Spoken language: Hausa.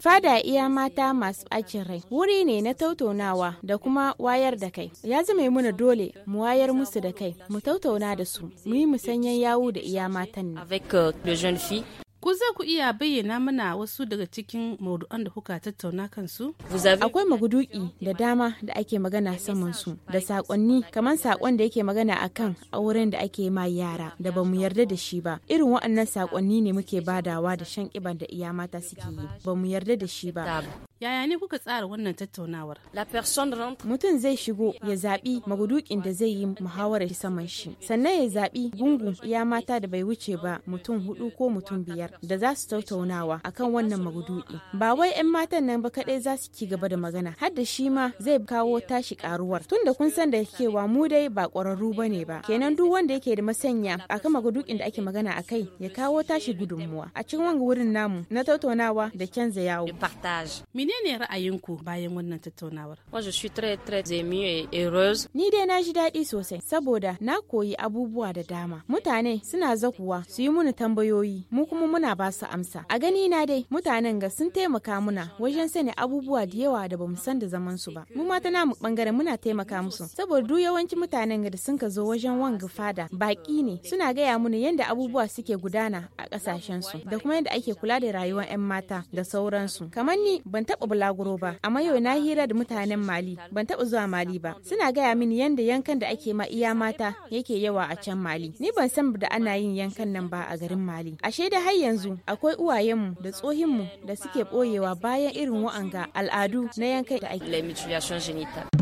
Fada iya mata masu ɓacin rai wuri ne na tautaunawa da kuma wayar da kai. Ya zama muna dole mu wayar musu da kai, mu tautauna da su, mu yi musanyen yawo da iya matan ne. Euh, Ku za ku iya bayyana mana wasu daga cikin maudu'an da kuka tattauna kansu? Akwai magudu'i da dama da ake magana saman su da saƙonni kamar saƙon da yake magana akan auren da ake ma yara da ba mu yarda da shi ba. Irin waɗannan sakonni ne muke badawa da shan kiban da iya mata suke yi ba mu yarda da shi ba. Yaya ne kuka tsara wannan tattaunawar? Mutum zai shigo ya zaɓi magudukin da zai yi muhawarar saman shi. Sannan ya zaɓi gungun iya mata da bai wuce ba mutum hudu ko mutum biyar da za su tattaunawa akan wannan maguduki. Ba wai 'yan matan nan ba kaɗai za su ci gaba da magana. Har da shi ma zai kawo tashi karuwar. Tunda kun san da wa mu dai ba ƙwararru ba ne ba. Kenan duk wanda yake da masanya akan magudukin da ake magana akai ya kawo tashi gudunmuwa. A cikin wanga wurin namu na tattaunawa da canza yawo. menene ra'ayinku bayan wannan tattaunawar ni dai na ji daɗi sosai saboda na koyi abubuwa da dama mutane suna zakuwa su yi mini tambayoyi mu kuma muna ba su amsa a gani na dai mutanen ga sun taimaka muna wajen sani abubuwa da yawa da bamu san da zaman su ba mu ma ta namu bangare muna taimaka musu saboda duk yawancin mutanen ga da sun ka zo wajen wanga fada baki ne suna gaya mini yadda abubuwa suke gudana a kasashen su da kuma yadda ake kula da rayuwar 'yan mata da sauransu kamar ni ban taɓa bulaguro ba, amma yau na hira da mutanen Mali, ban taɓa zuwa Mali ba. Suna gaya mini yadda yankan da ake ma iya mata yake yawa a can Mali. Ni ban san da ana yin yankan nan ba a garin Mali. Ashe da har yanzu akwai uwayenmu da tsohinmu da suke ɓoyewa bayan irin wa'anga al'adu na yankan da ake.